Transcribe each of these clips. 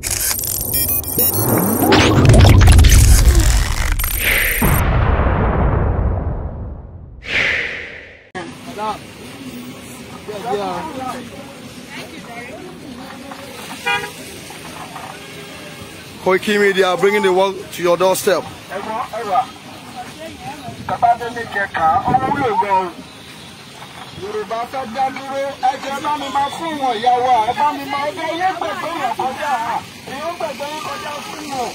Stop. Yeah, yeah. Koiki bringing the world to your doorstep. yorùbá fẹ́ dá dúró ẹjẹ bá mi máa fún wọn ìyàwó ẹ bá mi máa ọjọ́ ilé gbẹ̀gbẹ́ yẹn kọjá ìyó gbẹ̀gbẹ́ yẹn kọjá fún wọn.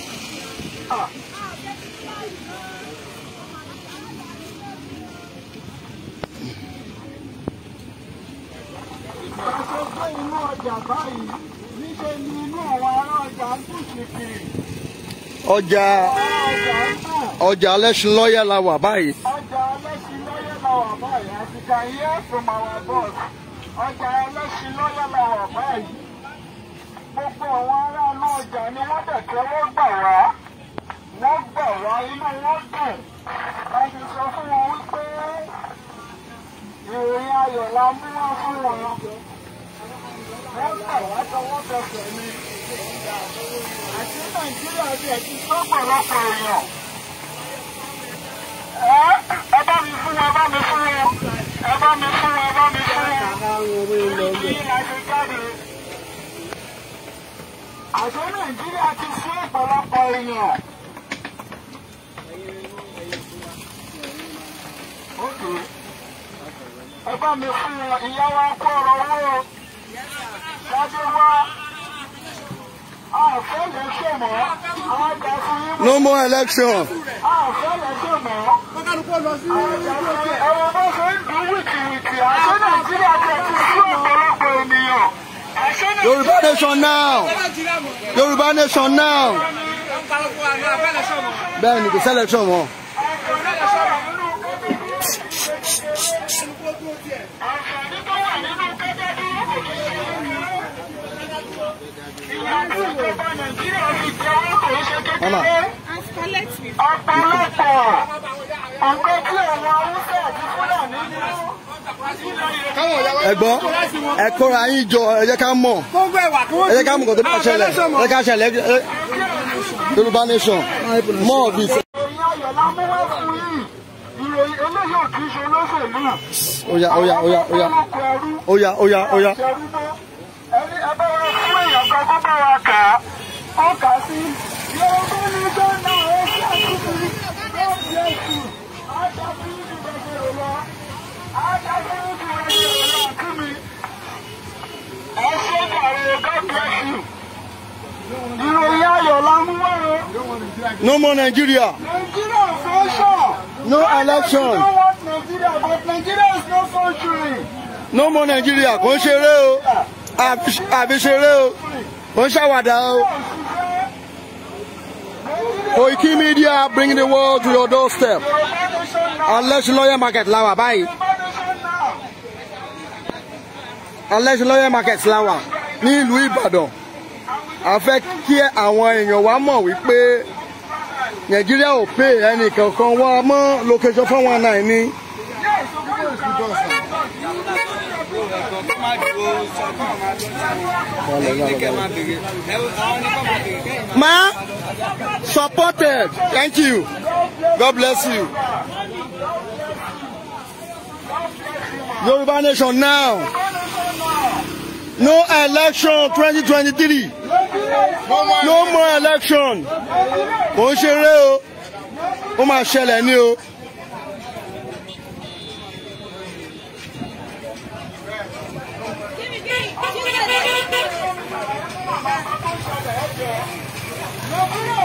ìgbà gbé inú ọjà báyìí níṣẹ́ ni inú àwọn ará ọjà ń dùn ṣìkìrì. ọjà ọjà lẹ́sìn lọ́yà la wà báyìí. As you can hear from our boss, ọjà ẹlẹ́sìn lọ́yọ̀ làwọ̀ báyìí. Gbogbo àwọn ará inú ọjà ni wọ́n dẹ̀ tẹ́wọ́ gbà wá. Wọ́n gbà wá inú wọn dùn. A ti sọ fún wọn wípé ìròyìn ayọ̀ la mú wá fún wọn. Wọ́n gbà wá tọwọ́ tẹsẹ̀ ni. Àti Nàìjíríà ti ẹ̀ ti sọ́pọ̀lọpọ̀ èèyàn. Ẹ bá mi fún wọn, ẹ bá mi fún wọn bá mi fún wọn bá mi fún wọn yìí la ṣe jáde. àṣọ nàìjíríà fún ọ̀pọ̀lọpọ̀ èèyàn. ẹ bá mi fún wọn ìyá wa kó ọ̀rọ̀ owó ṣáájú wá. No more election ṣé nàìjíríà yorùbá nation now yorùbá nation now. bẹ́ẹ̀ ni kò sẹ́lẹ̀ṣọ̀ mọ́. Mama. Ọ̀pọ̀lọpọ̀ nǹkan tí àwọn Haúsá àti Fúlàní nínú ẹ̀gbọ́n ẹ kóra yín jọ ẹ ká mọ̀ ẹ ká mọ̀ kò tó bá ah, ṣẹlẹ̀ ẹ ká ṣẹlẹ̀ Yorùbá nation more of Oya oya oya oya oya oya oya. Ẹni ẹ wa fún èèyàn kan kó bá wa kà á, ó kà á sí Yorùbá nation. Ìròyìn ayọ̀ la mú wẹ̀rẹ̀. No more Nigeria. Nigeria function. No election. No want Nigeria but Nigeria is not functioning. No more Nigeria kò ń ṣeré o àfi ṣeré o kò ń ṣàwàdà o. Koiki Media bring the world to your doorstep. Unless lawyer market la wà báyìí. Alẹ́ṣin lọ́yẹ̀ market láwà ní ìlú Ìbàdàn a fẹ́ kí àwọn èèyàn wa mọ̀ wípé Nàìjíríà ò pè ẹnìkankan wá mọ́ location four one nine ní. Ma, supported. Thank you. God bless you. Yoruba Nation now. No election 2023. No more election. Kò ń ṣeré o. Ó máa ṣẹlẹ̀ ní o. No more.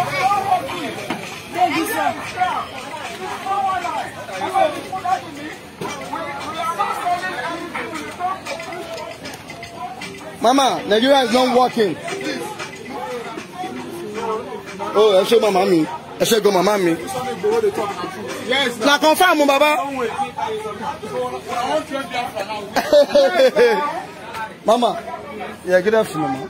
Mama, Nigeria is not working. Oh, ẹ ṣe mọ màmí. Ẹ ṣe gan màmá mi. Na confam mu baba. Mama, yeah, good afternoon, mama.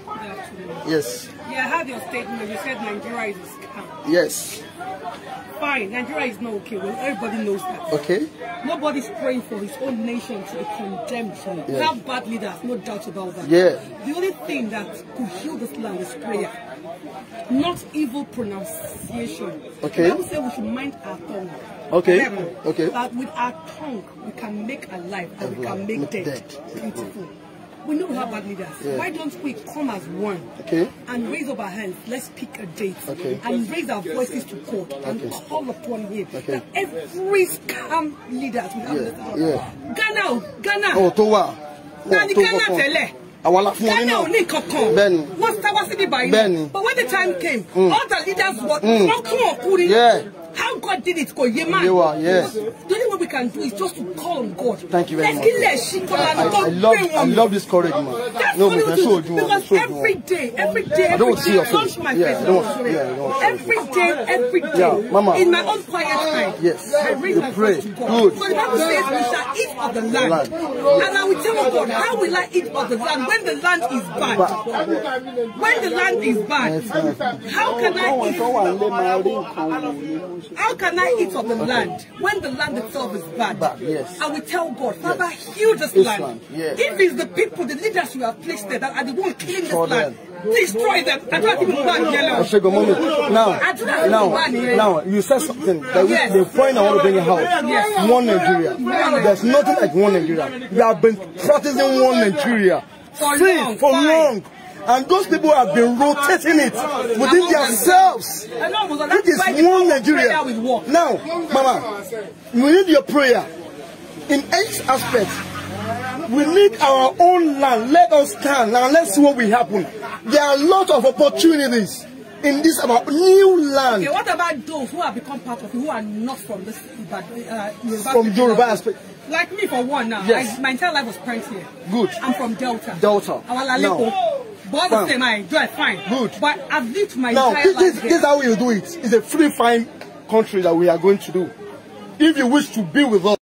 Yes. Yeah, I heard your statement. You said Nigeria is a scam. Yes. Fine, Nigeria is not okay. Well, everybody knows that. Okay. Nobody's praying for his own nation to be condemned. So yes. We have bad leaders, no doubt about that. Yeah. The only thing that could heal this land is prayer, not evil pronunciation. Okay. I would say we should mind our tongue. Okay. Remember, okay. That with our tongue we can make alive and we can make dead. dead. Beautiful. We know we have bad leaders. Yeah. Why don't we come as one okay. and raise up our hands? Let's pick a date okay. and raise our voices to court and okay. call upon him. Okay. That every scam leader we have yeah. in yeah. Ghana, Ghana. Oh, Towa. Oh, Nani Ghana tẹ́lẹ̀. Àwa la fún Ghana ò ní kankan. Bẹ́ẹ̀ni. Wọ́n sáwá síbi báyìí. Bẹ́ẹ̀ni. But when the time came, mm. all the leaders were mm. ọkùnrin ọkùnrin. Yeah. How God did it kò yé máa. You wa, yes. can do is just to call on God. Thank you very much. I, I, I, love, I love this courage, man. That's no, we I so do. Because so every day, every day, every I don't day, your face. my yeah, face. Don't, yeah, don't every day, every day. Yeah, Mama. In my own quiet time. Yes. I read you my pray. Good. Because so the Bible says we shall eat of the land. land. And I will tell God, how will I eat of the land when the land is bad? But, when the land is bad, yes, how can I eat? How can I eat of the land when the land itself is this land. yes. And we tell God, Father, yes. heal this, this land. land. Yes. If it's the people, the leaders you have placed there that are the ones killing this land, destroy them. I don't even Now, now, now, you said something. That yes. The point I want to bring out, yes. one Nigeria. There's nothing like one Nigeria. We have been practicing one Nigeria. For long, for long. And those people have been rotating it within themselves. It is one Nigeria. Now, Mama, we need your prayer in each aspect. We need our own land. Let us stand and let's see what will happen. There are a lot of opportunities in this about new land. Okay, what about those who have become part of it, who are not from this, but uh, from Yoruba aspect? Like me, for one now, yes. I, my entire life was spent here. Good. I'm from Delta. Delta. Awala Leko. But all the I enjoy fine. Good. But I've lived my now, entire this, life. Now, this is how you do it. It's a free, fine country that we are going to do. If you wish to be with us,